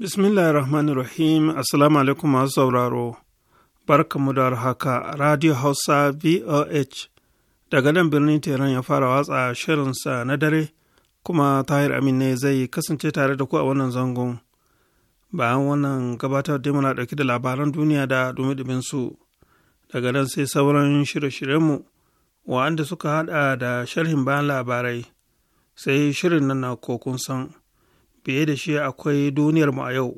Bismillahirrahmanirrahim. rahim Assalamu alaikum masu sauraro. Barkamu da haka Radio Hausa VOH daga nan birnin tehran ya fara watsa shirinsa na dare kuma Tahir Amin ne zai kasance tare da ku a wannan zangon. Bayan wannan gabatar da muna ɗauki da labaran duniya da dumi su daga nan sai sauran shirye-shiryenmu wa'anda suka haɗa da sharhin bayan labarai sai shirin nan na kokun san. fiye da shi akwai duniyarmu a yau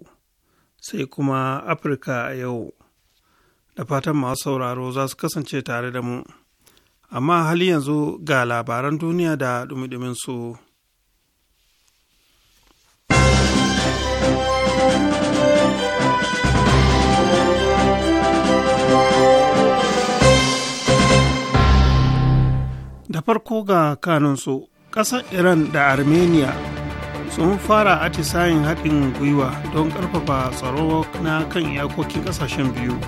sai kuma afirka a yau da fatan masu sauraro za su kasance tare da mu amma hali yanzu ga labaran duniya da dumi su. da farko ga kanunsu ƙasar iran da armenia sun fara atisayin haɗin gwiwa don ƙarfafa tsaro na kan iyakokin ƙasashen biyu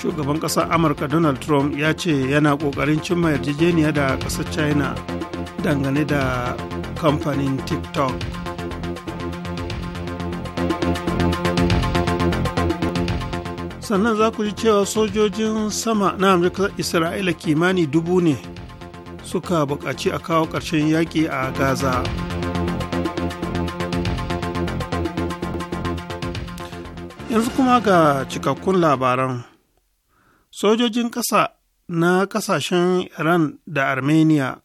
shugaban ƙasar amurka donald trump ya ce yana ƙoƙarin cimma yarjejeniya da ƙasar china dangane da kamfanin tiktok sannan za ku ji cewa sojojin sama na amurka isra'ila kimani dubu ne suka buƙaci a kawo ƙarshen yaƙi a gaza yanzu kuma ga cikakkun labaran sojojin ƙasa na ƙasashen iran da armenia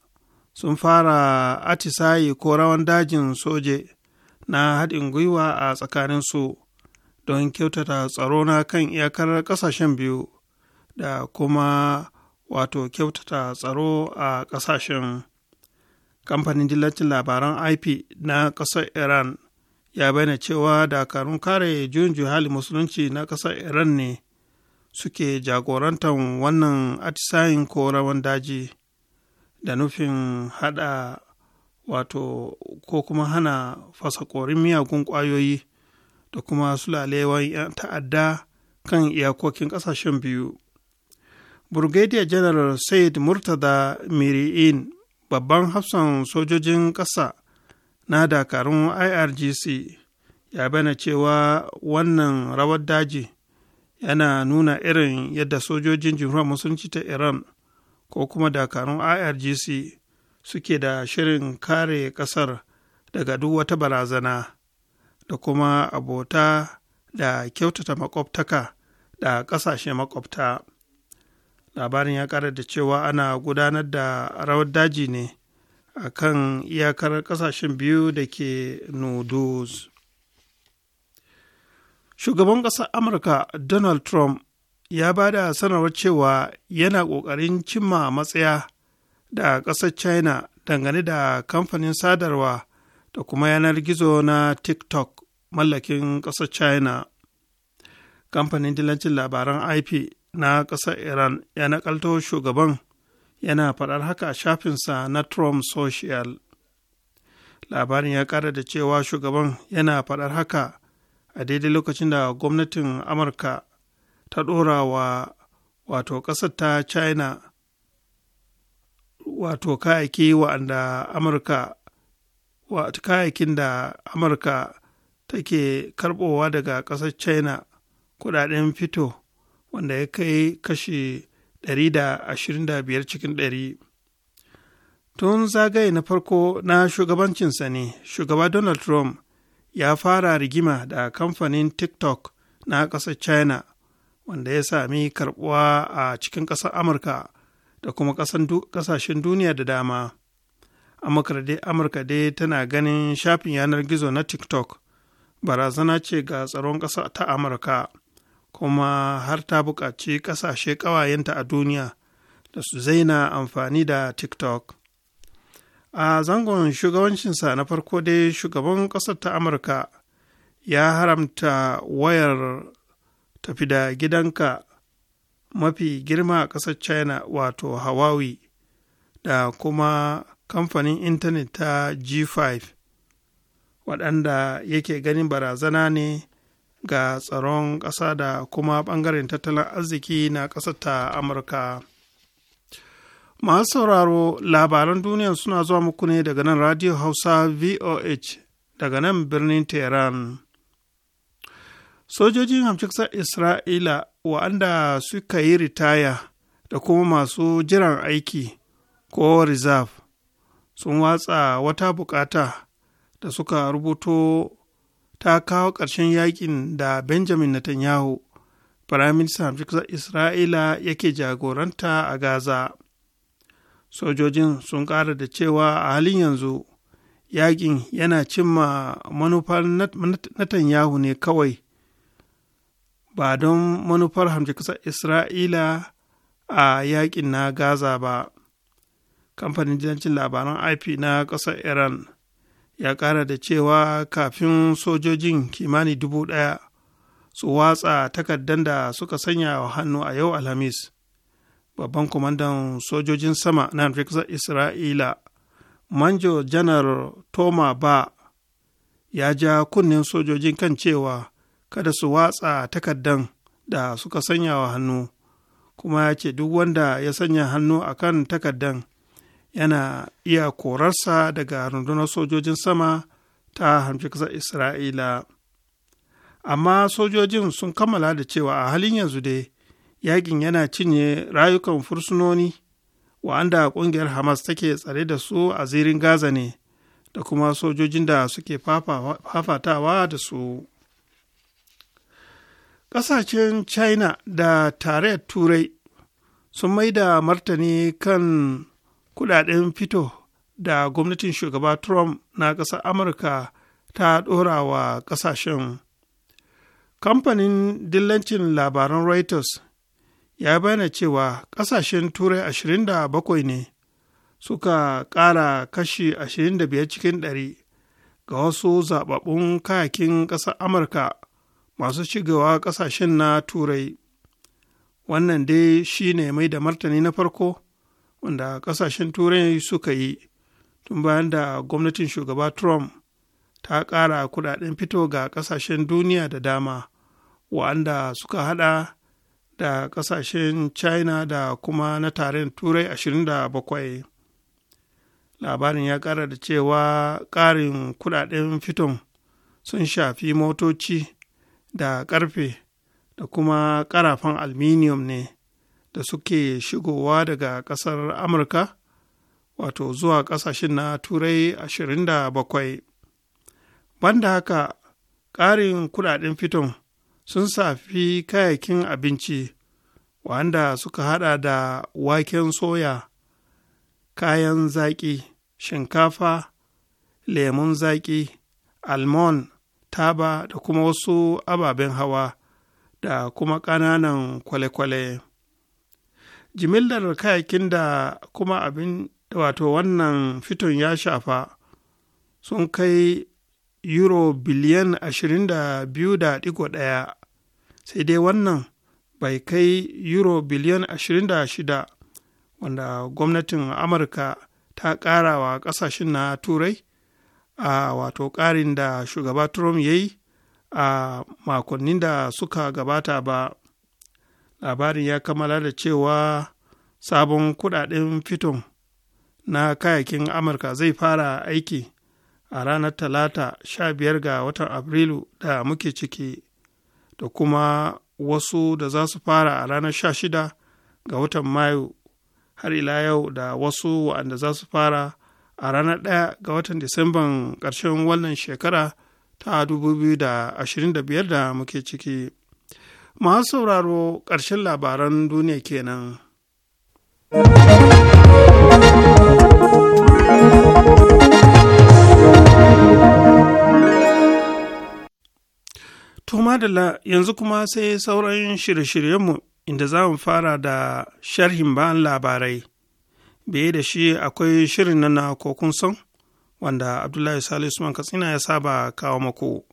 sun fara atisaye ko rawan dajin soje na haɗin gwiwa a tsakaninsu don kyautata tsaro na kan iyakar ƙasashen biyu da kuma wato kyautata tsaro a ƙasashen kamfanin dillacin labaran ip na ƙasar iran ya bayyana cewa dakarun kare juyin juhali musulunci na ƙasar iran ne suke jagorantar wannan atisayin ko rawan daji da nufin hada wato ko kuma hana fasakorin miyagun ƙwayoyi da kuma sulalewan ta'adda kan iyakokin ƙasashen biyu Brigadier General Said Murtada Miri'in, babban hafsan sojojin ƙasa na dakarun IRGC, ya bana cewa wannan rawar daji yana nuna irin yadda sojojin jimhuriyar musulunci ta Iran ko kuma dakarun IRGC suke da shirin kare ƙasar daga duk wata barazana da kuma abota da kyautata makwabtaka da ƙasashe makwabta. labarin ya kara da cewa ana gudanar da rawar daji ne a kan iyakar kasashen biyu da ke nudus shugaban ƙasar amurka donald trump ya ba da sanarwar cewa yana ƙoƙarin cimma matsaya da ƙasar china dangane da kamfanin sadarwa da kuma yanar gizo na tiktok mallakin ƙasar china kamfanin dilancin labaran ip na ƙasar iran ya nakalto shugaban yana faɗar haka a shafinsa na trump social labarin ya ƙara da cewa shugaban yana faɗar haka a daidai lokacin da gwamnatin amurka ta ɗora wa wato ƙasar ta china wato kayaki wa'anda amurka wato kayakin da amurka take karɓowa daga ƙasar china kuɗaɗen fito wanda ya kai kashi 125 cikin 100 tun zagaye na farko na shugabancinsa ne shugaba donald trump ya fara rigima da kamfanin tiktok na ƙasar china wanda ya sami karbuwa a cikin ƙasar amurka da kuma ƙasashen duniya da dama amurka dai tana ganin shafin yanar gizo na tiktok barazana ce ga tsaron ƙasa ta amurka kuma har ta buƙaci ƙasashe ƙawayenta a duniya da su zaina amfani da tiktok a zangon shugabancinsa na farko dai shugaban ƙasar ta amurka ya haramta wayar tafi da gidanka mafi girma a ƙasar china wato hawaii da kuma kamfanin intanet ta g5 waɗanda yake ganin barazana ne ga tsaron ƙasa da kuma ɓangaren tattalin arziki na ƙasar ta amurka masu sauraro labaran duniya suna zuwa muku ne daga nan radio hausa voh daga nan birnin tehran sojojin hamshiksar isra'ila wa'anda suka yi ritaya da kuma masu jiran aiki ko reserve sun watsa wata bukata da suka rubuto ta kawo ƙarshen yakin da benjamin netanyahu firaministan amsar isra'ila yake jagoranta a gaza sojojin sun ƙara da cewa a halin yanzu yakin yana cimma manufar netanyahu ne kawai ba don manufar hamjikasar isra'ila a yakin na gaza ba kamfanin jilancin labaran ip na ƙasar iran ya ƙara da cewa kafin sojojin kimani dubu ɗaya su watsa takardar da suka sanya wa hannu a yau alhamis babban kwamandan sojojin sama na rikisar isra'ila manjo janar toma ba ya ja kunnen sojojin kan cewa kada su watsa takardan da suka sanya wa hannu kuma ya ce duk wanda ya sanya hannu a kan takardan yana iya korarsa daga rundunar sojojin sama ta hamshi ƙasar isra'ila amma sojojin sun kammala da cewa a halin yanzu dai yakin yana cinye rayukan fursunoni wa'anda ƙungiyar hamas take tsare da su a zirin gaza ne da kuma sojojin da suke fafatawa da su ƙasashen china da tarayyar turai sun mai da martani kan kudaden fito da gwamnatin shugaba Trump na ƙasar Amurka ta ɗora wa ƙasashen. Kamfanin dillancin labaran Reuters ya bayyana cewa ƙasashen Turai 27 ne suka ƙara kashi 25 cikin 100 ga wasu zababbun kayakin ƙasar Amurka masu shigawa ƙasashen na Turai. Wannan dai shi ne mai da martani na farko. wanda kasashen turai suka yi tun bayan da gwamnatin shugaba trump ta kara kudaden fito ga kasashen duniya da dama wa'anda suka hada da kasashen china da kuma na taren turai 27 labarin ya kara da cewa karin kudaden fiton sun shafi motoci da karfe da kuma karafan alminium ne da suke shigowa daga ƙasar amurka wato zuwa ƙasashen na turai 27 banda haka ƙarin kuɗaɗen fiton sun safi kayakin abinci wanda suka hada da waken soya kayan zaƙi shinkafa lemun zaƙi almon taba da kuma wasu ababen hawa da kuma ƙananan kwale-kwale jimillar kayakin da kuma abin wato wannan fiton ya shafa sun kai euro biliyan 22.1 sai dai wannan bai kai euro biliyan 26 wanda gwamnatin amurka ta kara wa kasashen na turai a wato karin da shugaba trump ya yi a makonnin da suka gabata ba labarin ya kammala da cewa sabon kudaden fiton na kayakin amurka zai fara aiki a ranar talata 15 ga watan afrilu da muke ciki da kuma wasu da za su fara a ranar 16 ga watan mayu har ila yau da wasu waɗanda za su fara a ranar 1 ga watan disamban karshen wannan shekara ta 2025 da muke ciki masu sauraro ƙarshen labaran duniya kenan. To madalla yanzu kuma sai sauran shirye-shiryenmu inda za mu fara da sharhin ba'an labarai. Biye da shi akwai shirin na na kokun son wanda Abdullahi Salisu Usman Katsina ya saba kawo mako.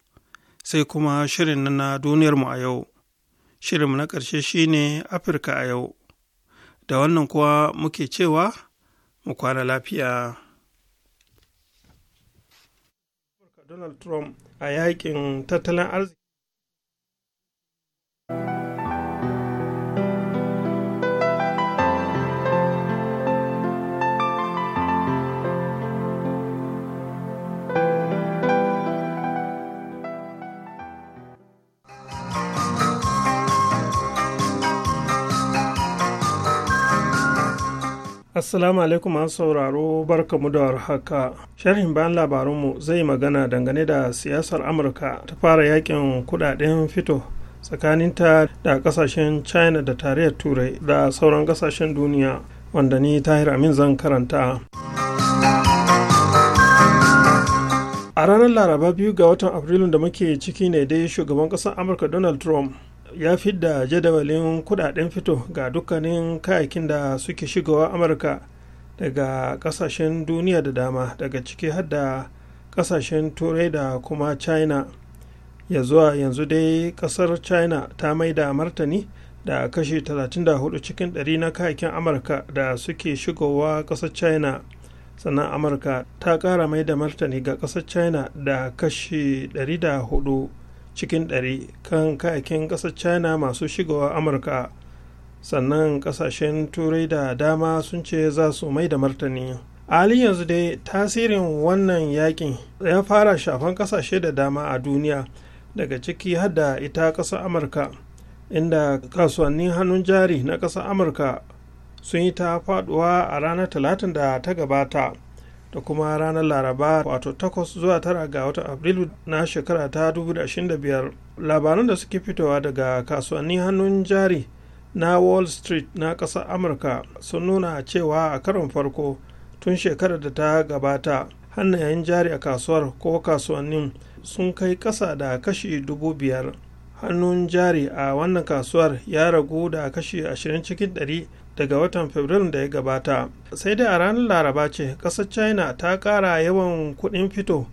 Sai kuma shirin na na duniyarmu a yau. shirin na ƙarshe shine Afirka a yau, da wannan kuwa muke cewa mu kwana lafiya. Donald Trump a yakin tattalin arziki. Assalamu alaikum an sauraro barkamu da warhaka. Sharhin bayan labarunmu zai magana dangane da siyasar Amurka ta fara yakin kudaden fito tsakanin ta da kasashen China da tarayyar Turai da sauran kasashen duniya wanda ni Tahir Amin zan karanta. A ranar Laraba biyu ga watan Afrilun da muke ciki ne dai shugaban ƙasar Amurka Donald Trump ya fidda jadawalin kudaden fito ga dukkanin kayakin da suke shigowa amurka daga kasashen duniya da dama daga ciki har da kasashen turai da kuma china ya zuwa yanzu dai kasar china ta mai da martani da kashi 34 cikin 100 na kayakin amurka da suke shigowa kasar china sannan amurka ta kara mai da martani ga kasar china da kashi 104 cikin ɗari kan kayakin ƙasar china masu shigowa amurka sannan ƙasashen turai da dama sun ce za su mai da martani halin yanzu dai tasirin wannan yakin ya fara shafan ƙasashe da dama a duniya daga ciki har da ita ƙasar amurka inda kasuwannin hannun jari na ƙasar amurka sun yi ta faduwa a ranar talatin da ta gabata da kuma ranar laraba wato 8 zuwa 9 ga watan afrilu na shekara ta 2025 labaran da suke fitowa daga kasuwannin hannun jari na wall street na ƙasar amurka sun nuna cewa a karon farko tun shekarar da ta gabata hannayen jari a kasuwar ko kasuwannin sun kai ƙasa da kashi dubu biyar hannun jari a wannan kasuwar ya ragu da kashi 20 cikin daga watan fabrairu da ya gabata sai dai a ranar laraba ce ƙasar china ta ƙara yawan kuɗin fito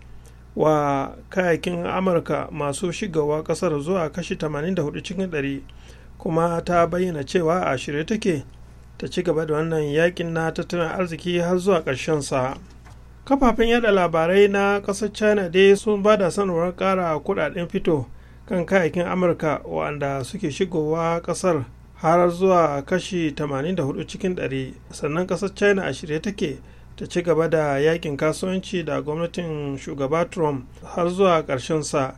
wa kayakin amurka masu shigawa ƙasar zuwa kashi 84 cikin 100 kuma ta bayyana cewa a shirye take ta ci gaba da wannan yakin na tattalin arziki har zuwa ƙarshen sa. kafafen yada labarai na ƙasar china dai sun ba da sanarwar ƙara kuɗaɗen fito kan kayakin amurka waɗanda suke shigowa ƙasar har zuwa kashi 84 cikin 100 sannan kasar china a shirye take ta ci gaba da yakin kasuwanci da gwamnatin shugaba trump har zuwa karshen sa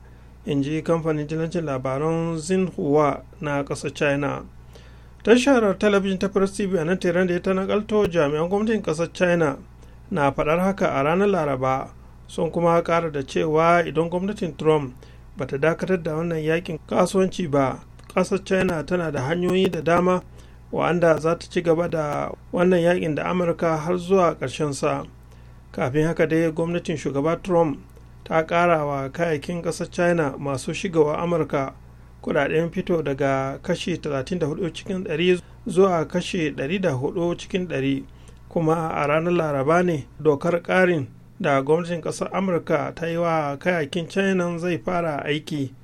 in ji kamfanin jilancin labaran xinhua na ƙasar china tashar talabijin ta press tv a nan tehran da ya ta nakalto jami'an gwamnatin ƙasar china na faɗar haka a ranar laraba sun kuma kara da cewa idan gwamnatin trump bata dakatar da wannan yakin kasuwanci ba ƙasar china tana da hanyoyi da dama wa'anda za ta ci gaba da wannan yakin da amurka har zuwa ƙarshen sa kafin haka dai gwamnatin shugaba trump ta ƙara wa kayakin ƙasar china masu shigawa amurka kudaden fito daga kashi 34 cikin 100 zuwa kashi 104 cikin 100 kuma a ranar laraba ne dokar ƙarin da gwamnatin ƙasar amurka ta yi wa kayakin china zai fara aiki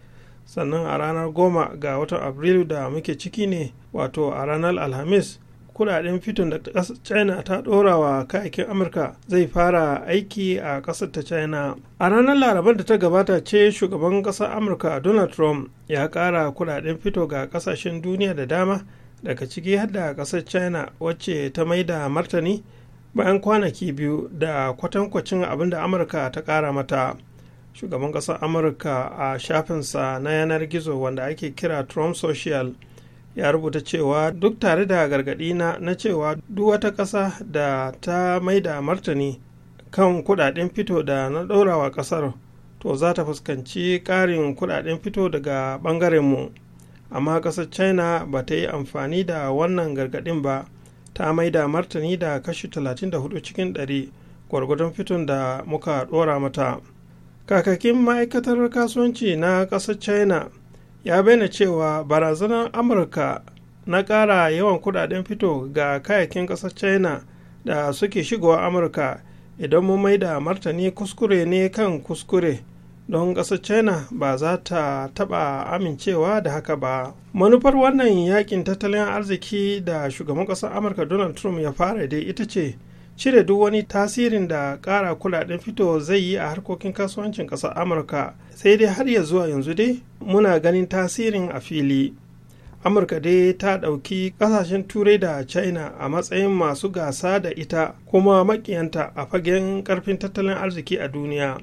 sannan a ranar goma ga watan Afrilu da muke ciki ne wato a ranar Alhamis kudaden fiton da ƙasar china ta ɗora wa kayakin amurka zai fara aiki a ƙasar ta china a ranar larabar da ta gabata ce shugaban ƙasar amurka donald trump ya ƙara kudaden fito ga ƙasashen duniya da dama daga ciki har da ƙasar china wacce ta mai da martani bayan kwanaki biyu da kwatankwacin abin da amurka ta ƙara mata shugaban ƙasar amurka a shafinsa na yanar gizo wanda ake kira trump social ya rubuta cewa duk tare da gargaɗi na cewa duk wata ƙasa da ta maida martani kan kudaden fito da na ɗaurawa ƙasar to za ta fuskanci ƙarin kudaden fito daga ɓangarenmu amma ƙasar china ba ta yi amfani da wannan gargaɗin ba ta maida martani da kashi 34 cikin 100 gwargwadon fiton da muka ɗora mata kakakin ma'aikatar kasuwanci na ƙasar china ya bayyana cewa barazanar amurka na ƙara yawan kudaden fito ga kayakin ƙasar china da suke shigowa amurka idan mun mai da martani kuskure ne kan kuskure don ƙasar china ba za ta taɓa amincewa da haka ba manufar wannan yakin tattalin arziki da shugaban ƙasar amurka donald trump ya fara dai ita ce cire duk wani tasirin da ƙara kuɗaɗen fito zai yi a harkokin kasuwancin ƙasar amurka sai dai har ya zuwa yanzu dai muna ganin tasirin a fili amurka dai ta ɗauki ƙasashen turai da china a matsayin masu gasa da ita kuma maƙiyanta a fagen ƙarfin tattalin arziki a duniya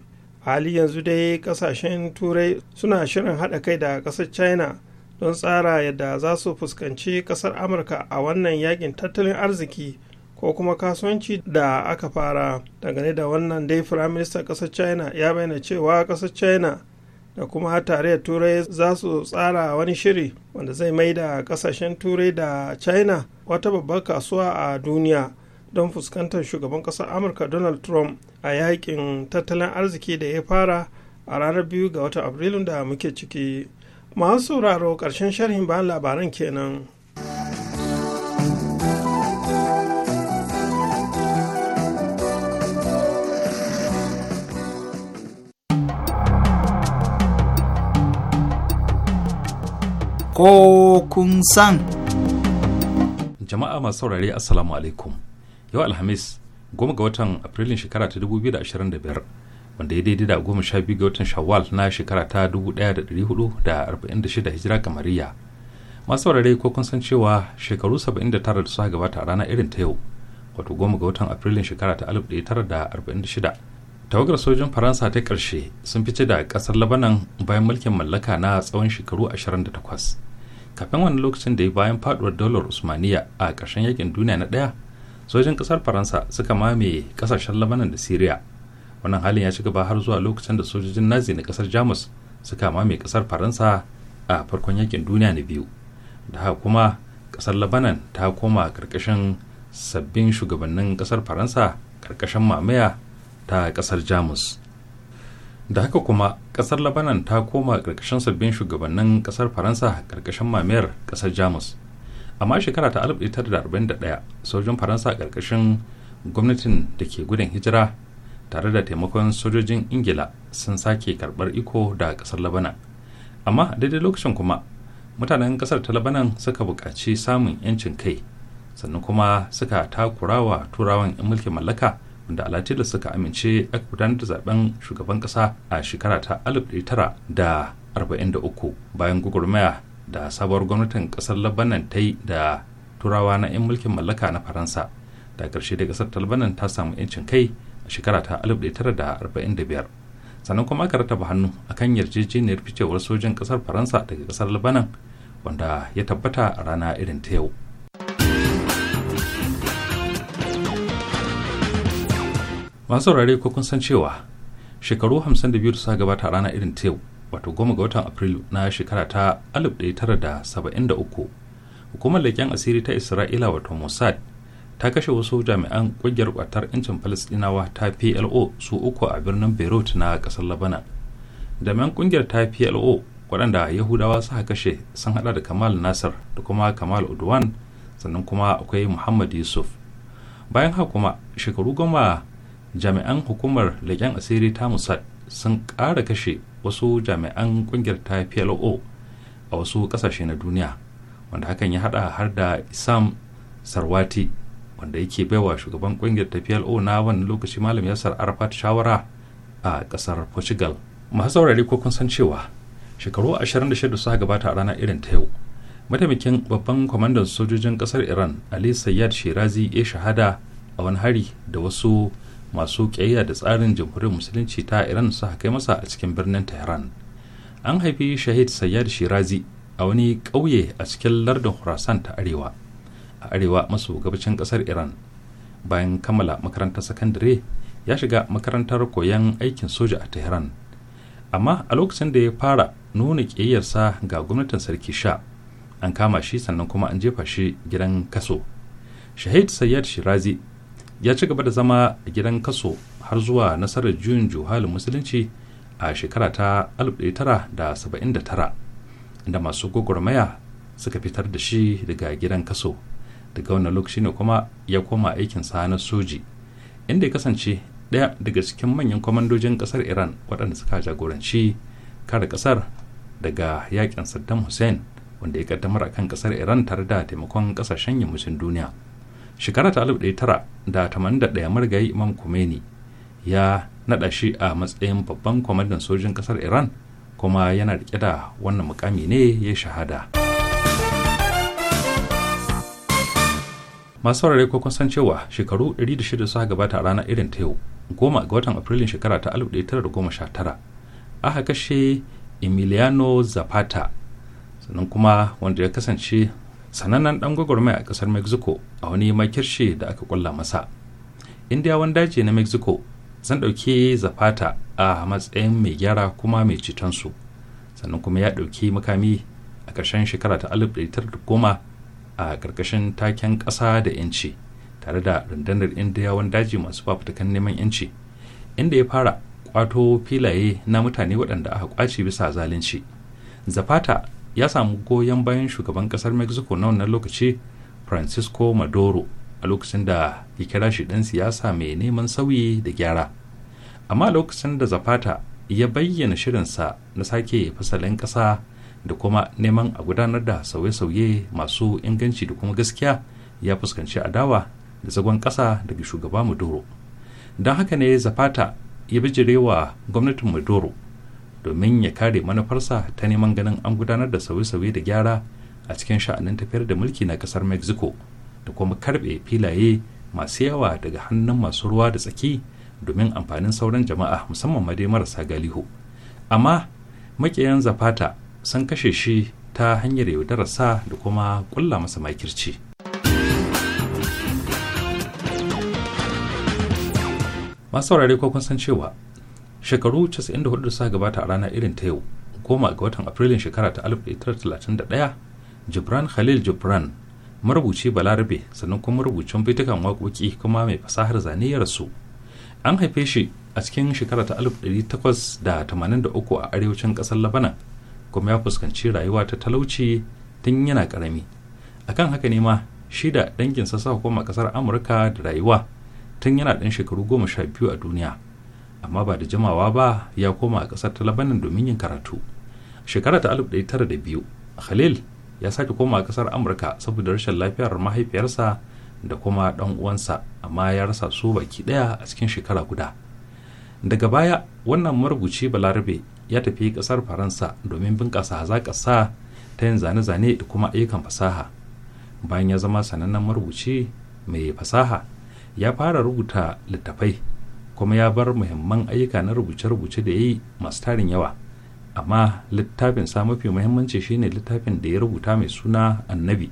hali yanzu dai ƙasashen turai suna shirin haɗa kai da ƙasar china don tsara yadda za su fuskanci ƙasar amurka a wannan yakin tattalin arziki ko kuma kasuwanci da aka fara dangane da wannan dai firaministan ƙasar china ya bayyana cewa ƙasar china da kuma tarayyar turai za su tsara wani shiri wanda zai mai da ƙasashen turai da china wata babbar kasuwa a duniya don fuskantar shugaban ƙasar amurka donald trump a yakin tattalin arziki da ya fara a ranar biyu ga watan abrilun da muke ciki masu sauraro ƙarshen sharhin bayan labaran kenan. ko kun san. Jama'a masu saurare Assalamu alaikum. Yau Alhamis, goma ga watan Afrilun shekara ta 2025, wanda ya daidai da goma sha biyu ga watan Shawwal na shekara ta 1446 hijira kamariya. Masu saurare ko kun san cewa shekaru 79 da suka gabata a rana irin ta yau, wato goma ga watan Afrilun shekara ta 1946. tawagar sojin faransa ta ƙarshe sun fice da ƙasar labanan bayan mulkin mallaka na tsawon shekaru kafin wani lokacin da ya bayan faduwar dalar usmaniya a ƙarshen yakin duniya na ɗaya sojin ƙasar faransa suka mamaye ƙasashen labanan da syria wannan halin ya ci gaba har zuwa lokacin da sojojin nazi na ƙasar jamus suka mamaye ƙasar faransa a farkon yakin duniya na biyu da haka kuma ƙasar labanan ta koma ƙarƙashin sabbin shugabannin ƙasar faransa ƙarƙashin mamaya ta ƙasar jamus da haka kuma kasar labanan ta koma karkashin sabbin shugabannin kasar faransa ƙarƙashin mamayar kasar jamus amma shekara ta 1941 sojin faransa ƙarƙashin gwamnatin da ke gudun hijira tare da taimakon sojojin ingila sun sake karɓar iko da kasar labanan amma daidai lokacin kuma mutanen kasar ta labanan suka buƙaci samun 'yancin kai sannan kuma suka takurawa turawan 'yan mulkin mallaka wanda alatila suka amince aka gudanar da zaben shugaban kasa a shekara ta 1943 bayan gugurmaya da sabuwar gwamnatin kasar labanan ta yi da turawa na 'yan mulkin mallaka na faransa da ƙarshe da kasar ta labanan ta samu 'yancin kai a shekara ta 1945 sannan kuma aka rataba hannu a kan yarjejeniyar ficewar sojin kasar faransa daga kasar labanan wanda ya tabbata a rana irin ta yau masu saurare ko kun san cewa shekaru 52 da suka gabata a rana irin ta wato goma ga watan afrilu na shekara ta 1973 hukumar leƙen asiri ta isra'ila wato mossad ta kashe wasu jami'an ƙungiyar kwatar 'yancin falastinawa ta plo su uku a birnin beirut na ƙasar labanan jami'an ƙungiyar ta plo waɗanda yahudawa suka kashe sun haɗa da kamal nasir da kuma kamal udwan sannan kuma akwai muhammad yusuf bayan haka kuma shekaru goma jami'an hukumar leƙen asiri ta musad sun ƙara kashe wasu jami'an ƙungiyar ta plo a wasu ƙasashe na duniya wanda hakan ya haɗa har da isam sarwati wanda yake baiwa shugaban ƙungiyar ta plo na wani lokaci malam yasar arafat shawara a ƙasar portugal masu saurari ko kun san cewa shekaru 26 suka gabata a ranar irin ta yau mataimakin babban kwamandan sojojin ƙasar iran ali sayyad shirazi ya shahada a wani hari da wasu masu ƙiyayya da tsarin jamhuriyar musulunci ta iran suka kai masa a cikin birnin tehran an haifi shahid sayyad shirazi a wani ƙauye a cikin lardin khurasan ta arewa a arewa maso gabacin ƙasar iran bayan kammala makarantar sakandare ya shiga makarantar koyon aikin soja a tehran amma a lokacin da ya fara nuna ƙiyayyarsa ga gwamnatin sarki sha an kama shi sannan kuma an jefa shi gidan kaso shahid sayyad shirazi ya ci gaba da zama a gidan kaso har zuwa nasarar juyin juhalin musulunci a shekara ta 1979 inda masu gwagwarmaya suka fitar da shi daga gidan kaso daga wannan lokaci ne kuma ya koma aikinsa na soji inda ya kasance ɗaya daga cikin manyan kwamandojin ƙasar iran waɗanda suka jagoranci kare ƙasar daga yakin saddam hussein wanda ya kaddamar akan ƙasar iran tare da taimakon ƙasashen yammacin duniya shekara ta da tamanin ɗaya marigayi imam Khomeini ya naɗa shi a matsayin babban kwamandan sojin ƙasar iran kuma yana rike da wannan mukami ne ya shahada masu saurare ko kun san cewa shekaru 106 suka gabata a ranar irin ta yau goma ga watan afrilun shekara ta 1919 aka kashe emiliano zapata sannan kuma wanda ya kasance sanannen dan gwagwarmaya a kasar mexico a wani makirshe da aka kulla masa indiyawan daji na mexico zan dauke zafata a matsayin mai gyara kuma mai su sannan kuma ya ɗauki makami a ƙarshen shekara ta 1910 a ƙarƙashin taken ƙasa da 'yanci tare da rundunar indiyawan daji masu fafutukan neman 'yanci inda ya fara kwato filaye na mutane waɗanda aka kwace bisa zalunci zapata ya samu goyon bayan shugaban kasar mexico na wannan lokaci francisco maduro a lokacin da ya kira shi ɗan siyasa mai neman sauyi da gyara amma lokacin da zapata ya bayyana shirinsa na sake fasalin ƙasa da kuma neman a gudanar da sauye-sauye masu inganci da kuma gaskiya ya fuskanci adawa da zagon ƙasa daga shugaba maduro don haka ne zapata ya bijirewa gwamnatin maduro domin ya kare manufarsa ta neman ganin an gudanar da sauye-sauye da gyara a cikin sha'anin tafiyar da mulki na kasar mexico da kuma karbe filaye masu yawa daga hannun masu ruwa da tsaki domin amfanin sauran jama'a musamman ma dai marasa galihu amma makiyan zapata sun kashe shi ta hanyar yaudararsa da kuma kulla masa makirci masu saurare ko kun san cewa shekaru 94 da suka gabata a rana irin ta yau goma ga watan afrilun shekara ta 1931 jibran khalil jibran marubuci balarabe sannan kuma marubucin baitukan waƙoƙi kuma mai fasahar zane ya rasu an haife shi a cikin shekara ta 1883 a arewacin ƙasar labanan kuma ya fuskanci rayuwa ta talauci tun yana ƙarami akan haka ne ma shi da danginsa sa koma ƙasar amurka da rayuwa tun yana ɗan shekaru goma sha biyu a duniya amma ba da jimawa ba ya koma a ƙasar ta domin yin karatu shekara ta 1902 khalil ya sake koma a ƙasar amurka saboda rashin lafiyar mahaifiyarsa da kuma ɗan uwansa amma ya rasa su baki ɗaya a cikin shekara guda daga baya wannan marubuci balarabe ya tafi ƙasar faransa domin bunƙasa hazaƙarsa ta yin zane-zane da kuma ayyukan fasaha bayan ya zama sanannen marubuci mai fasaha ya fara rubuta littafai kuma ya bar muhimman ayyuka na rubuce-rubuce da ya yi masu tarin yawa amma littafin sa mafi muhimmanci shine littafin da ya rubuta mai suna annabi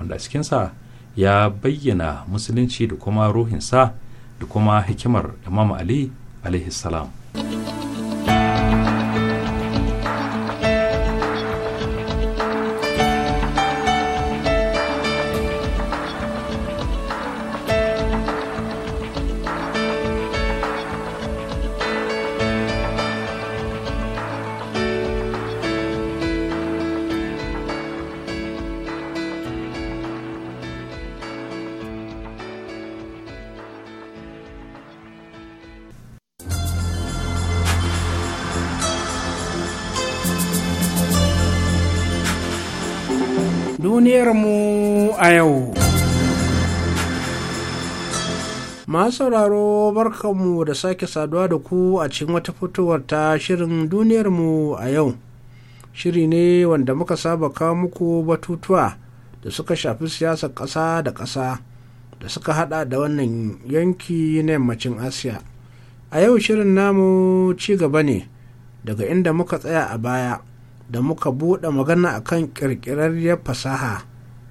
wanda a cikinsa ya bayyana musulunci da kuma ruhinsa da kuma hikimar imam ali alaihi salam. masu sauraro barkanmu da sake saduwa da ku a cikin wata fitowar ta shirin duniyarmu a yau shiri ne wanda muka saba kawo muku batutuwa da suka shafi siyasar ƙasa da ƙasa da suka hada da wannan yanki na yammacin asiya a yau shirin namu ci gaba ne daga inda muka tsaya a baya da muka buɗe magana akan ƙirƙirarriyar fasaha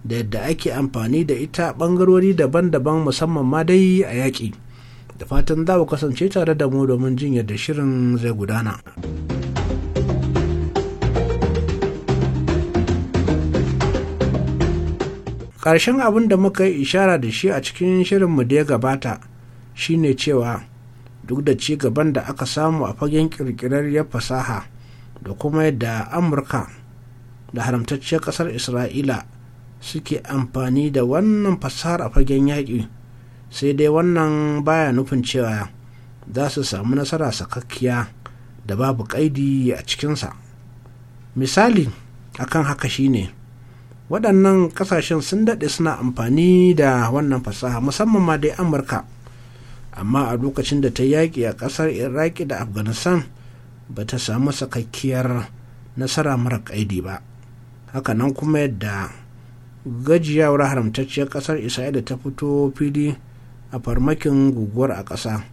da yadda ake amfani da ita bangarori daban-daban musamman ma dai a yaƙi da fatan za ku kasance tare da mu domin jin yadda shirin zai gudana. ƙarshen abin da muka yi ishara da shi a cikin shirinmu da ya gabata shine cewa duk da ci gaban da aka samu a fagen ƙirƙirar ya fasaha da kuma yadda amurka da haramtacciyar ƙasar isra'ila suke amfani da wannan fasahar a fagen yaƙi sai dai wannan baya nufin cewa za su samu nasara sakakkiya da babu ƙaidi a cikinsa misali akan haka shine waɗannan ƙasashen sun daɗe suna amfani da wannan fasaha musamman ma dai amurka amma a lokacin da ta yaƙi a ƙasar iraki da afghanistan ba ta samu sakakkiyar nasara mara ƙaidi ba hakanan kuma yadda gajiyawar haramtacciyar kasar isra'ila ta fito fili a farmakin guguwar a ƙasa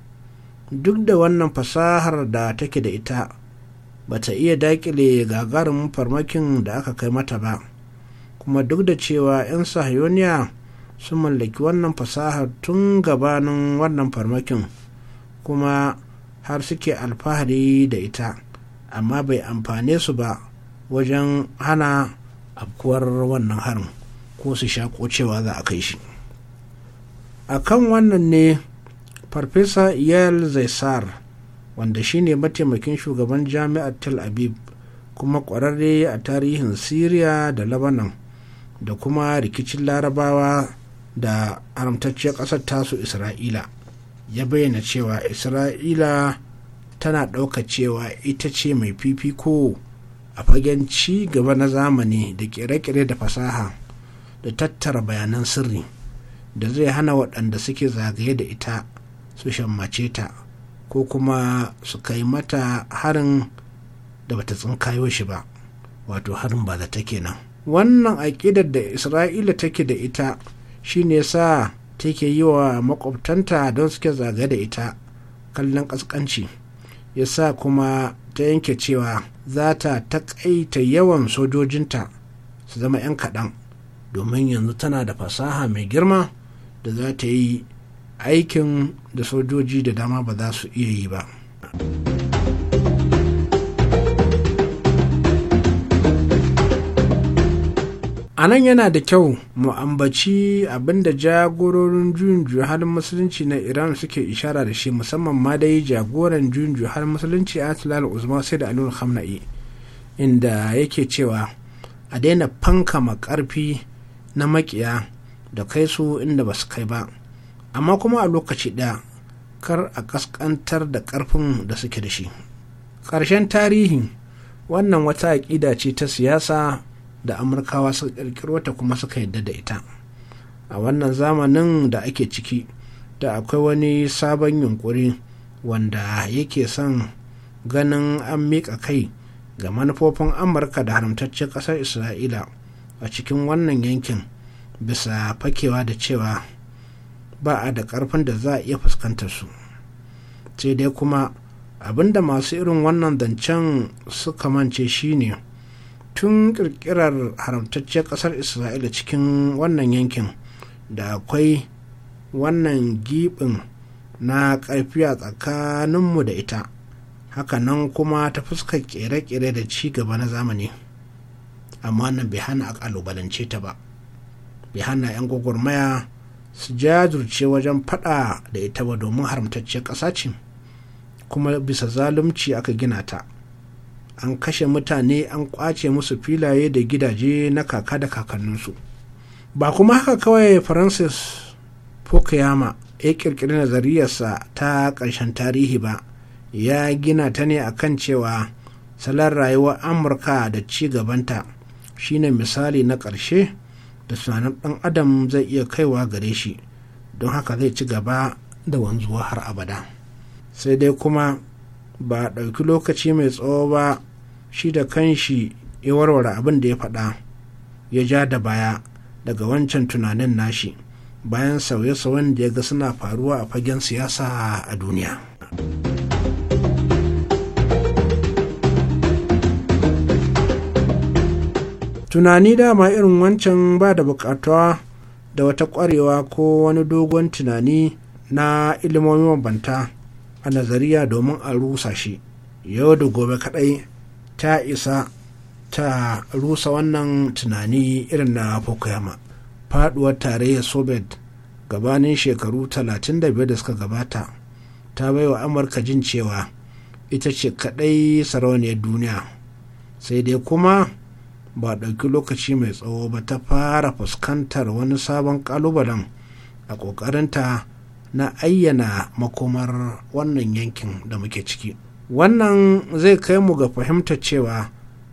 duk da wannan fasahar da take da ita ba ta iya daƙile gagarin farmakin da aka kai mata ba kuma duk da cewa 'yan sahayoniya sun mallaki wannan fasahar tun gabanin wannan farmakin kuma har suke alfahari da ita amma bai amfane su ba wajen hana afkuwar wannan harin. ko su ko cewa za a kai shi a kan wannan ne farfesa yael zaisar wanda shine mataimakin shugaban jami'ar tel aviv kuma kwararre a tarihin syria da lebanon da kuma rikicin larabawa da haramtacciyar ƙasar tasu isra'ila ya bayyana cewa isra'ila tana ɗauka cewa ita ce mai fifiko a fagen ci gaba na zamani da kere-kere da fasaha da tattara bayanan sirri da zai hana waɗanda suke zagaye da ita su shammace ta ko kuma su kai mata harin da bata tsinkayo shi ba wato harin ba ta kenan wannan aƙidar da isra'ila take da ita shine sa take yi wa makwabtanta don suke zagaye da ita kallon ƙasƙanci ya sa kuma ta yanke cewa za ta taƙaita yawan sojojinta su zama 'yan kaɗan domin yanzu tana da fasaha mai girma da za ta yi aikin da sojoji da dama ba za su iya yi ba. a nan yana da kyau mu ambaci abin jagororin juyin halin musulunci na iran suke ishara da shi musamman ma dai jagoran juyin halin musulunci atlal uzma sai da alul hamna'i inda yake cewa a daina fanka makarfi na makiya da kai su inda ba su kai ba amma kuma a lokaci ɗaya kar a ƙasƙantar da ƙarfin da suke da shi ƙarshen tarihi wannan wata aƙida ce ta siyasa da amurkawa suka ƙirƙiro ta kuma suka yadda da ita a wannan zamanin da ake ciki da akwai wani sabon yunƙuri wanda yake son ganin an miƙa kai ga manufofin amurka da haramtaccen ƙasar isra'ila a cikin wannan yankin bisa fakewa da cewa ba a da ƙarfin da za a iya fuskantar su sai dai kuma abinda masu irin wannan zancen suka mance shine tun kirkirar haramtacciyar ƙasar isra'ila cikin wannan yankin da akwai wannan gibin na ƙarfi a tsakaninmu da ita hakanan kuma ta fuskar kere-kere da ci gaba na zamani amma nan bai hana a kalubalance ta ba bai hana 'yan gwagwarmaya su jajirce wajen fada da ita ba domin haramtacce ƙasa ce kuma bisa zalunci aka gina ta an kashe mutane an kwace musu filaye da gidaje na kaka da kakanninsu ba kuma haka kawai francis fukuyama ya kirkiri nazariyarsa ta ƙarshen tarihi ba ya gina ta ne akan cewa salon rayuwar amurka da ci gabanta shine misali na ƙarshe da tunanin ɗan adam zai iya kaiwa gare shi don haka zai ci gaba da wanzuwa har abada sai dai kuma ba a ɗauki lokaci mai tsawo ba shi da kanshi ya warware abin da ya faɗa ya ja da baya daga wancan tunanin nashi bayan sauye-sauyen da ya ga suna faruwa a fagen siyasa a duniya. tunani dama irin wancan ba da bukatuwa da wata kwarewa ko wani dogon tunani na ilimomi mabanta a nazariya domin a rusa shi yau da gobe kadai ta isa ta rusa wannan tunani irin na fukuyama faduwar tarayyar soviet gabanin shekaru 35 da suka gabata ta bai wa amurka jin cewa ita ce kadai sarauniyar duniya sai dai kuma ba ɗauki lokaci mai tsawo ba ta fara fuskantar wani sabon ƙalubalen a ƙoƙarinta na ayyana makomar wannan yankin da muke ciki wannan zai kai mu ga fahimtar cewa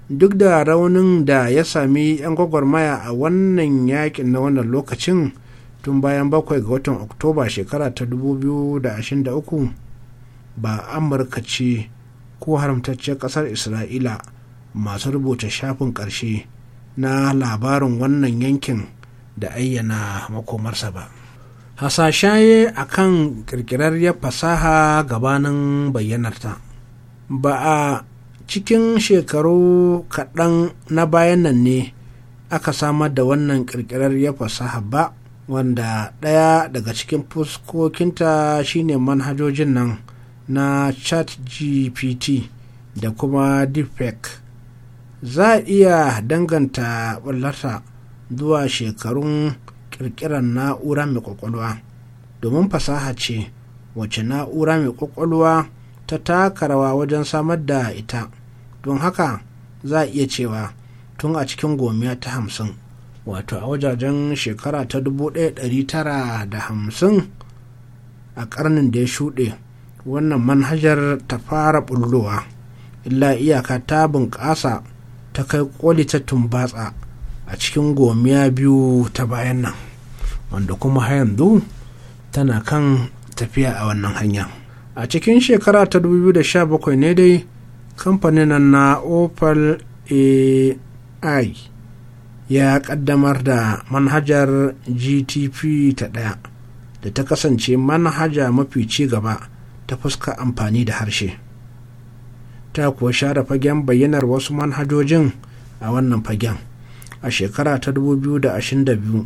duk da raunin da ya sami 'yan gwagwarmaya a wannan yakin na wannan lokacin tun bayan bakwai ga watan oktoba shekara ta 2023 ba amurka ce ko haramtacce kasar isra'ila masu rubuta shafin ƙarshe na labarin wannan yankin da ayyana makomarsa ba hasashaye a kan ya fasaha gabanin bayyanarta ba a cikin shekaru kaɗan na bayan nan ne aka samar da wannan ƙirƙirar ya fasaha ba wanda ɗaya daga cikin fuskokinta shine manhajojin nan na chat gpt da kuma deepfake za a iya danganta ɓullarsa zuwa shekarun ƙirƙirar na'ura mai ƙwaƙwalwa domin fasaha ce wacce na'ura mai ƙwaƙwalwa ta taka rawa wajen samar da ita don haka za a iya cewa tun a cikin gomiya ta hamsin wato a wajajen shekara ta da hamsin a ƙarnin da ya shuɗe wannan manhajar ta fara ɓullowa illa iyaka ta bunƙasa ta kai kwali ta tumbatsa a cikin gomiya biyu ta bayan nan wanda kuma har yanzu tana kan tafiya a wannan hanya a cikin shekara ta 2017 ne dai kamfanin na opel ai ya kaddamar da manhajar gtp ta ɗaya da ta kasance manhaja mafi ci gaba ta fuska amfani da harshe ta kuwa share fagen bayyanar wasu manhajojin a wannan fagen a shekara ta 2022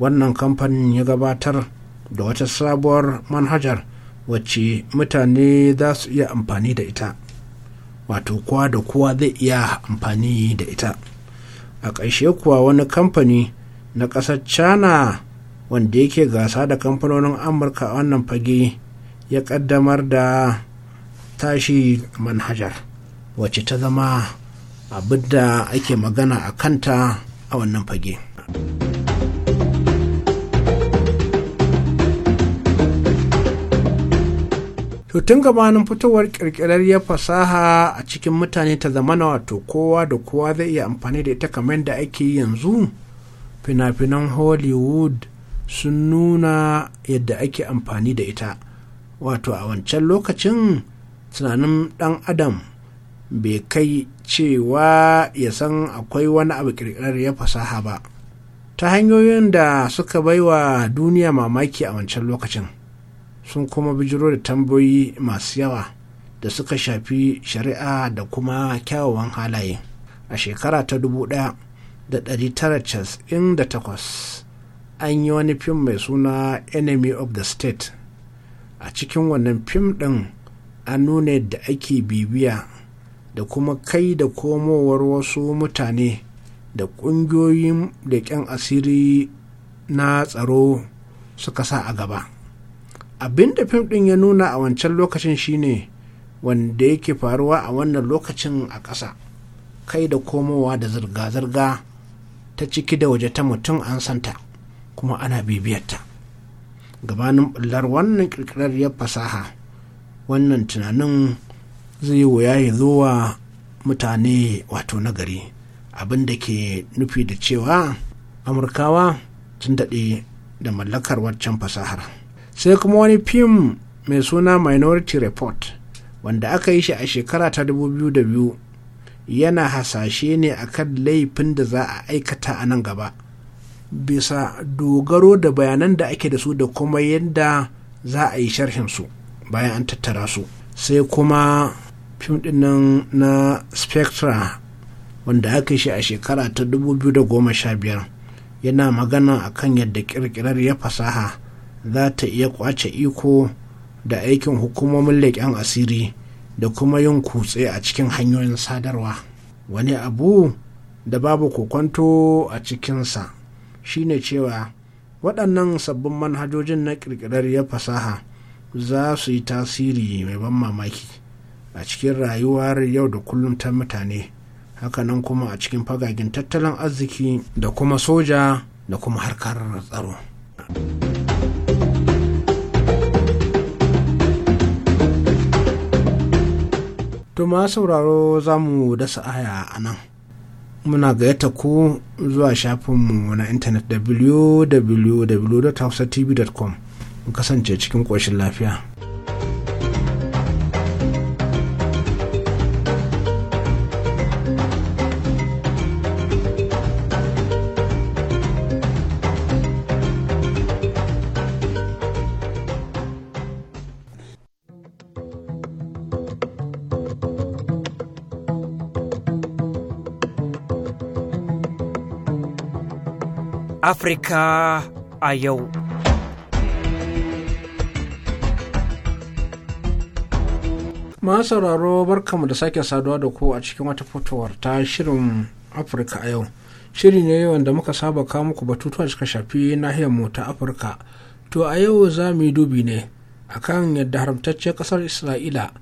wannan kamfanin ya gabatar da wata sabuwar manhajar wacce mutane za su iya amfani da ita wato kowa da kowa zai iya amfani da ita a ƙarshe kuwa wani kamfani na ƙasar china wanda yake gasa da kamfanonin amurka a wannan fage ya ƙaddamar da tashi manhajar wacce ta zama abin da ake magana a kanta a wannan fage. tun gabanin fitowar ya fasaha a cikin mutane ta zamana wato kowa da kowa zai iya amfani da ita kamar da ake yi yanzu fina-finan hollywood sun nuna yadda ake amfani da ita wato a wancan lokacin tunanin dan adam bai kai cewa ya san akwai wani abu ya fasaha ba ta hanyoyin da suka baiwa duniya mamaki a wancan lokacin sun kuma bijiro da tambayoyi masu yawa da suka shafi shari'a da kuma kyawawan halaye a shekara ta dubu da takwas, an yi wani fim mai suna enemy of the state a cikin wannan fim ɗin an nuna da ake bibiya da kuma kai da komowar wasu mutane da ƙungiyoyin leƙen asiri na tsaro suka sa a gaba abin da fim ɗin ya nuna a wancan lokacin shine wanda yake faruwa a wannan lokacin a ƙasa kai da komowa da zirga-zirga ta ciki da waje ta mutum an santa kuma ana bibiyarta gabanin ɓullar wannan ƙirƙirarriyar fasaha wannan tunanin zai wuya ya zo wa mutane wato nagari abin da ke nufi da cewa amurkawa sun daɗe da mallakar waccan fasahar sai kuma wani fim mai suna minority report wanda aka yi shi a shekara ta 2002 yana hasashe ne akan laifin da za a aikata a nan gaba bisa dogaro da bayanan da ake da su da kuma yadda za a yi sharhinsu bayan an tattara su sai kuma fim dinnan na spectra wanda aka shi a shekara ta 2015 yana magana akan yadda ya fasaha za ta iya kwace iko da aikin hukumomin leƙen asiri da kuma yin kutse a cikin hanyoyin sadarwa wani abu da babu kokwanto a cikinsa shine cewa waɗannan sabbin manhajojin na ƙirƙirar ya fasaha za su yi tasiri mai ban mamaki a cikin rayuwar yau da kullum ta mutane hakanan kuma a cikin fagagen tattalin arziki da kuma soja da kuma harkar tsaro. ma sauraro za mu dasa aya a nan muna gayyata ku zuwa shafinmu na intanet www.hausatv.com kasance cikin ƙoshin lafiya. Afirka a yau. Ma sauraro barkamu da sake saduwa da ku a cikin wata fitowar ta shirin Afirka a yau. Shiri ne wanda muka saba kawo muku batutuwa cika shafi nahiyar mu ta Afirka. To a yau za mu yi dubi ne a kan yadda haramtacciyar ƙasar Isra'ila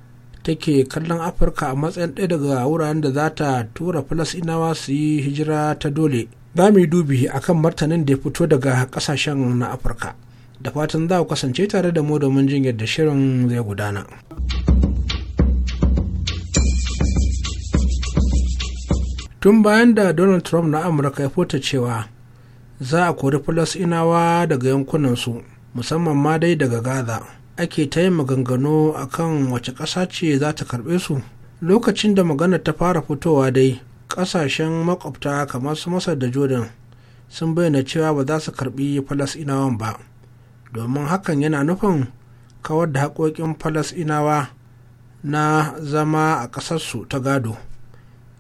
take kallon Afirka a matsayin ɗaya daga wuraren da za ta tura Falasɗinawa su yi hijira ta dole. za mu yi dubi a kan martanin da ya fito daga kasashen na afirka da fatan za ku kasance tare da mu domin jin yadda shirin zai gudana tun bayan da donald trump na amurka ya fota cewa za a kori inawa daga yankunansu musamman ma dai daga gaza ake ta yin maganganu akan wace ƙasa ce za ta karɓe su lokacin da magana ta fara fitowa dai ƙasashen makwabta kamar su masar da jordan sun bayyana cewa ba za su karbi falasinawan ba domin hakan yana nufin kawar da haƙoƙin falasinawa na zama a ƙasarsu ta gado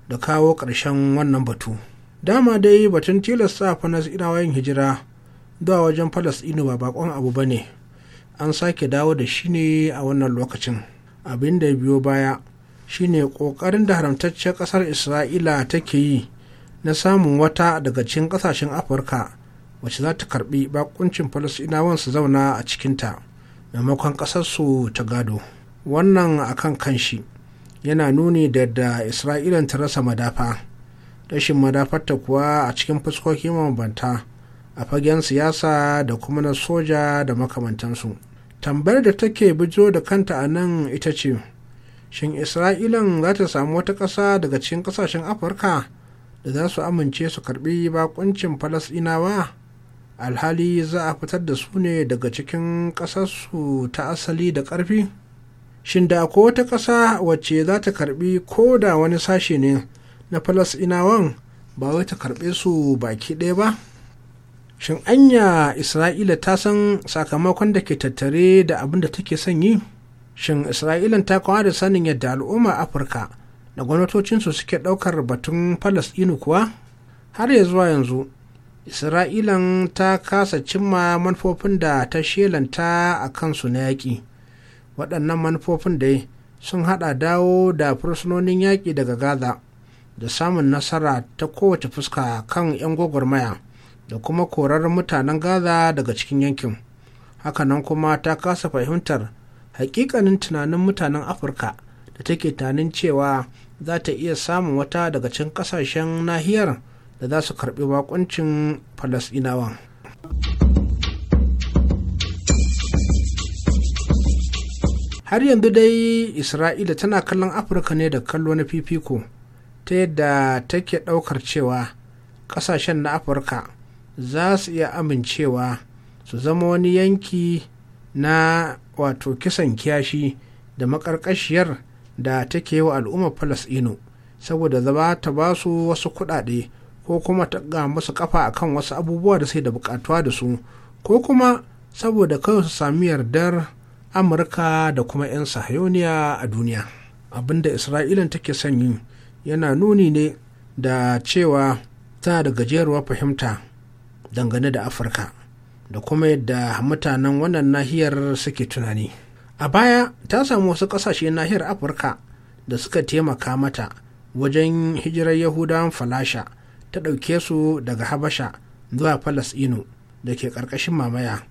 da kawo ƙarshen wannan batu dama dai batun tilasta falasinawa yin hijira zuwa wajen falasɗinu ba bakon abu ba ne an sake dawo da shi ne a wannan lokacin abin da biyo baya shine ƙoƙarin da haramtacciyar ƙasar isra'ila take yi na samun wata daga cikin ƙasashen afirka wacce za ta karbi bakuncin falasɗinawan su zauna a cikinta maimakon ƙasarsu ta gado wannan akan kanshi yana nuni da da isra'ilan ta rasa madafa rashin madafarta kuwa a cikin fuskoki mabanta a fagen siyasa da kuma na soja da makamantansu tambayar da take bijo da kanta a nan ita ce shin isra'ilan za ta samu wata ƙasa daga cikin ƙasashen afirka da za su amince su karbi bakuncin falasɗinawa alhali za a fitar da su ne daga cikin ƙasarsu ta asali da ƙarfi shin da akwai wata ƙasa wacce za ta karbi ko da wani sashe ne na falasɗinawan ba wai ta karbe su baki ɗaya ba shin anya isra'ila ta san sakamakon da ke tattare da abin da take son yi shin isra'ilan ta kawo da sanin yadda al'umma afirka da gwamnatocinsu suke ɗaukar batun falasɗinu kuwa har ya zuwa yanzu isra'ilan ta kasa cimma manufofin da ta shelanta a kansu na yaƙi waɗannan manufofin dai sun haɗa dawo da fursunonin yaƙi daga gaza da samun nasara ta kowace fuska kan 'yan gwagwarmaya da kuma korar mutanen gaza daga cikin yankin hakanan kuma ta kasa fahimtar hakikanin tunanin mutanen afirka da take tunanin cewa za ta iya samun wata daga cikin kasashen nahiyar da za su karbi bakuncin falasɗinawan. har yanzu dai isra'ila tana kallon afirka ne da kallo na fifiko ta yadda take ɗaukar cewa ƙasashen na afirka za su iya amincewa su zama wani yanki na wato kisan kiyashi da makarkashiyar da take wa al'ummar falasɗinu saboda zama ta ba su wasu kuɗaɗe ko kuma ta ga musu kafa akan wasu abubuwa da sai da bukatuwa da su ko kuma saboda kawai su sami yardar amurka da kuma 'yan sahayoniya a duniya abinda isra'ilan take son yi yana nuni ne da cewa ta da gajeruwar fahimta dangane da afirka da kuma yadda mutanen wannan nahiyar suke tunani a baya ta samu wasu ƙasashe nahiyar afirka da suka taimaka mata wajen hijirar yahudawan falasha ta ɗauke su daga habasha zuwa falasino da ke ƙarƙashin mamaya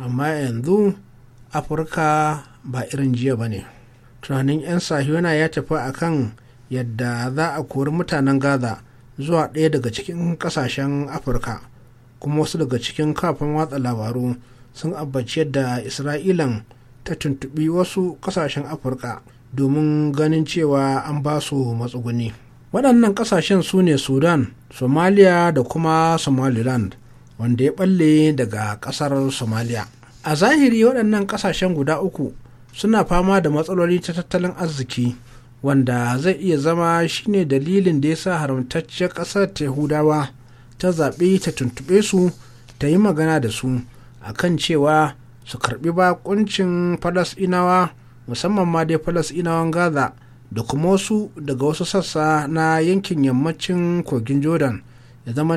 amma yanzu afirka ba irin jiya ba ne tunanin 'yan sahiyona ya tafi a kan yadda za a kori mutanen gaza zuwa ɗaya daga cikin ƙasashen afirka kuma wasu daga cikin kafin watsa labaru sun abbaci yadda isra'ilan ta tuntubi wasu kasashen afirka domin ganin cewa an ba su matsuguni waɗannan kasashen su ne sudan somalia da kuma somaliland wanda ya balle daga ƙasar somalia a zahiri waɗannan kasashen guda uku suna fama da matsaloli ta tattalin arziki wanda zai iya zama shine dalilin da ya sa haramtacciyar ƙasar tehudawa ta zaɓi ta tuntuɓe su ta yi magana da su a kan cewa su karɓi bakuncin falasɗinawa musamman ma dai falasɗinawan gaza da kuma wasu daga wasu sassa na yankin yammacin kogin jordan ya zama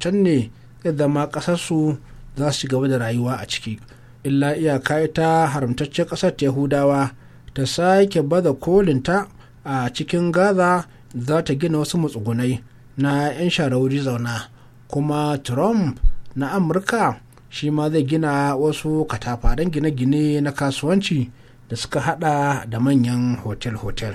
can ne ya zama ƙasarsu za su gaba da rayuwa a ciki illa iyaka ita haramtaccen ƙasar yahudawa ta sake baza kolinta a cikin gaza za ta gina wasu matsugunai na 'yan sharauri zauna kuma trump na amurka shi ma zai gina wasu katafaren gine-gine na kasuwanci da suka hada da manyan hotel-hotel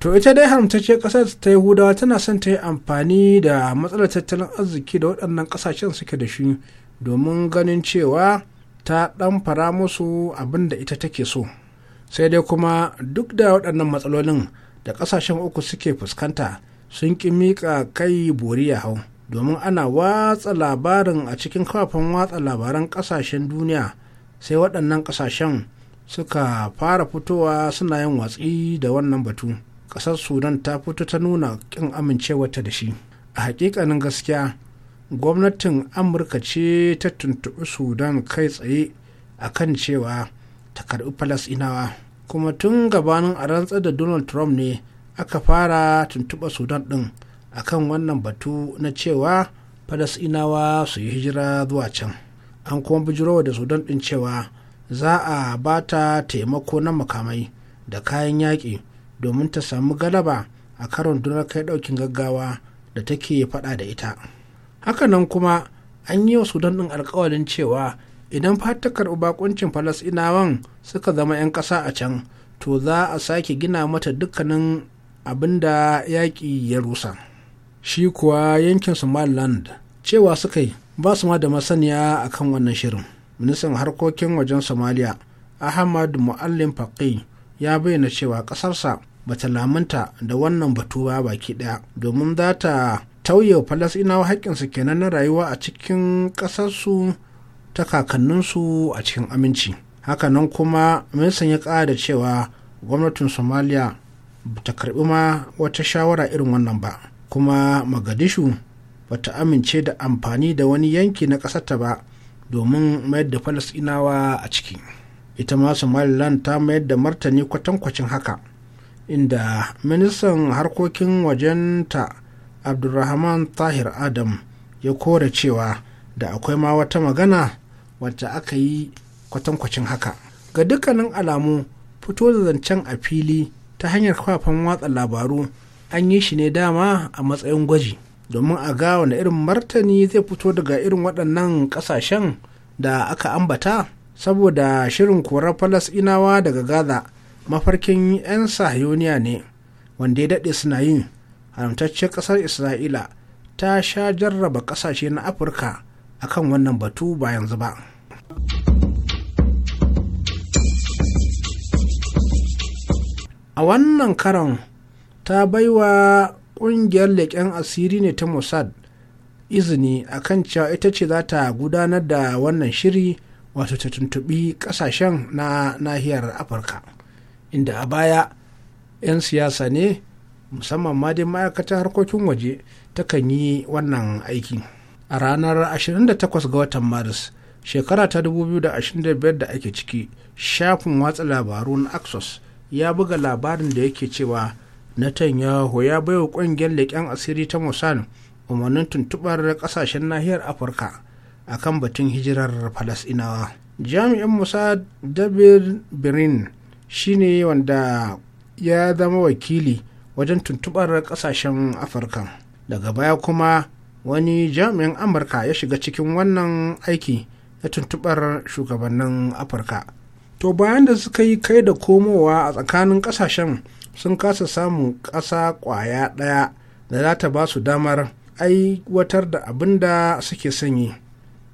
to ita dai haramtacce kasar ta yi yahudawa tana son ta yi amfani da matsalar tattalin arziki da waɗannan kasashen suke da shi domin ganin cewa ta ɗan fara musu abin da ita take so sai dai kuma duk da waɗannan matsalolin da ƙasashen uku suke fuskanta sun ƙi miƙa kai bori ya hau domin ana watsa labarin a cikin kafafen watsa labaran ƙasashen duniya sai waɗannan ƙasashen suka fara fitowa suna yin watsi da wannan batu ƙasar sudan ta fito ta nuna ƙin amincewarta da shi a haƙiƙanin gaskiya gwamnatin amurka ce ta tuntuɓi sudan kai tsaye a kan cewa ta karɓi falasɗinawa kuma tun gabanin a rantsar da donald trump ne aka fara tuntuɓa sudan ɗin a kan wannan batu na cewa falasinawa su yi hijira zuwa can an kuma bijirowa da sudan ɗin cewa za a ba ta taimako na makamai da kayan yaƙi domin ta samu galaba a karon dunar kai ɗaukin gaggawa da take faɗa da ita hakanan kuma an yi wa sudan ɗin alkawalin cewa idan fatakar bakuncin falasinawan suka zama 'yan ƙasa a can to za a sake gina mata dukkanin abin da yaƙi ya rusa shi kuwa yankin somaliland cewa suka yi ba su ma da masaniya a kan wannan shirin ministan harkokin wajen somaliya ahmad muallim faƙi ya bayyana cewa ƙasarsa ba ta lamunta da wannan batu ba baki ɗaya domin za ta tauye falasinawa haƙƙinsu kenan na rayuwa a cikin ƙasarsu ta kakanninsu a cikin aminci hakanan kuma minsan ya ƙara cewa gwamnatin somalia ta karɓi ma wata shawara irin wannan ba kuma magadishu ta amince da amfani da wani yanki na ƙasarta ba domin mayar da falasɗinawa a ciki ita ma somaliland ta mayar da martani kwatankwacin haka inda ministan harkokin wajenta abdulrahman tahir adam ya kore cewa da akwai ma wata magana wacce aka yi kwatankwacin haka ga dukkanin alamu fito da zancen a fili ta hanyar kafafen watsa labaru an yi shi ne dama a matsayin gwaji domin a ga wani irin martani zai fito daga irin waɗannan ƙasashen da aka ambata saboda shirin korar falasɗinawa daga gaza mafarkin 'yan sahiyoniya ne wanda ya daɗe suna yin haramtaccen ƙasar isra'ila ta sha jarraba ƙasashe na afirka akan wannan batu ba yanzu ba. A wannan karon ta baiwa ƙungiyar leƙen asiri ne ta Mossad izini akan cewa ita ce za ta gudanar da wannan shiri wato ta tuntuɓi ƙasashen na nahiyar Afirka. Inda a baya 'yan siyasa ne musamman ma dai ma'aikatar harkokin waje takan yi wannan aiki. a ranar 28 ga watan maris shekara ta 2025 da ake ciki shafin watsa labaru na Axos ya buga labarin da yake cewa Netanyahu ya baiwa ƙungiyar leƙen asiri ta Mossad umarnin tuntuɓar ƙasashen nahiyar Afirka kan batun hijirar Falasinawa. Jami'in Mossad David Birin shine wanda ya zama wakili wajen tuntuɓar ƙasashen Afirka. Daga baya kuma wani jami'in amurka ya shiga cikin wannan aiki na tuntubar shugabannin afirka to bayan da suka yi kai da komowa a tsakanin kasashen sun kasa samun ƙasa ƙwaya ɗaya da za ta ba su damar aiwatar da abin da suke sanyi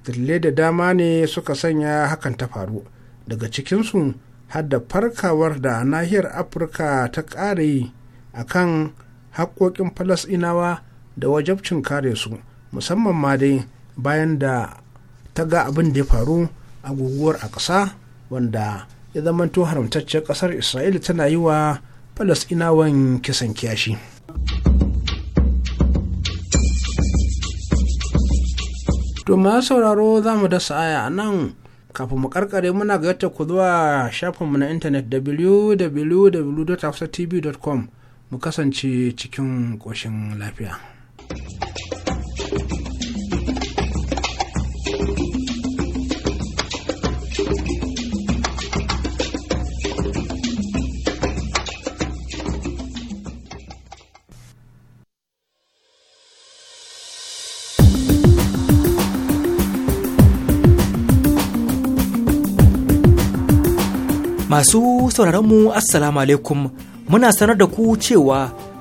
dalilai da dama ne suka sanya hakan ta faru daga cikinsu har da farkawar da nahiyar afirka ta ƙare a kan haƙoƙin falasɗinawa da wajabcin kare su musamman ma dai bayan da ta ga abin da ya faru a guguwar a ƙasa wanda ya zamanto haramtaccen ƙasar isra'ila tana yi wa falasɗinawan kisan kiyashi. To ma sauraro za mu da sa'aya a nan kafin mu karkare muna ga yadda ku zuwa shafinmu na intanet www.tv.com mu kasance cikin ƙoshin lafiya. Masu sauraronmu Assalamu alaikum muna sanar da ku cewa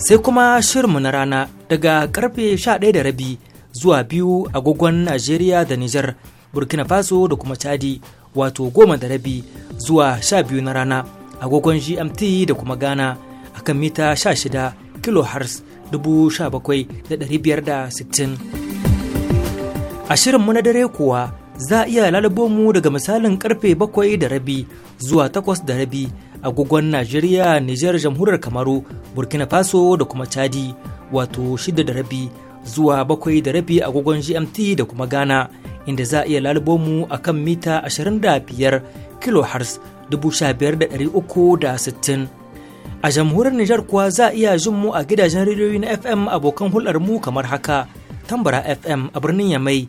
sai kuma shirinmu na rana daga karfe 11 da rabi zuwa biyu agogon Najeriya da Nijar Burkina Faso da kuma Chadi wato goma da rabi zuwa sha biyu na rana agogon GMT da kuma Ghana akan mita 16 da 17,560 a shirinmu na dare kuwa za a iya lalabo mu daga misalin karfe bakwai da rabi zuwa takwas da rabi agogon Najeriya, Nijar, Jamhuriyar Kamaru, Burkina Faso da kuma Chadi, wato shida da rabi zuwa bakwai da rabi agogon GMT da kuma Ghana, inda za a iya lalabo mu a kan mita 25 kHz 15,360. A jamhuriyar Nijar kuwa za a iya jin mu a gidajen rediyoyi na FM abokan hulɗar mu kamar haka, Tambara FM a birnin Yamai,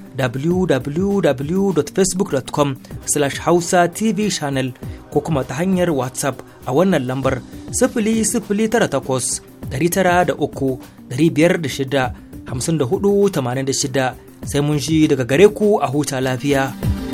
www.facebook.com slash hausa tv channel ko kuma ta hanyar whatsapp a wannan lambar sifili sifili da takwas tara uku biyar shida hamsin da shida sai mun ji daga gare ku a huta lafiya.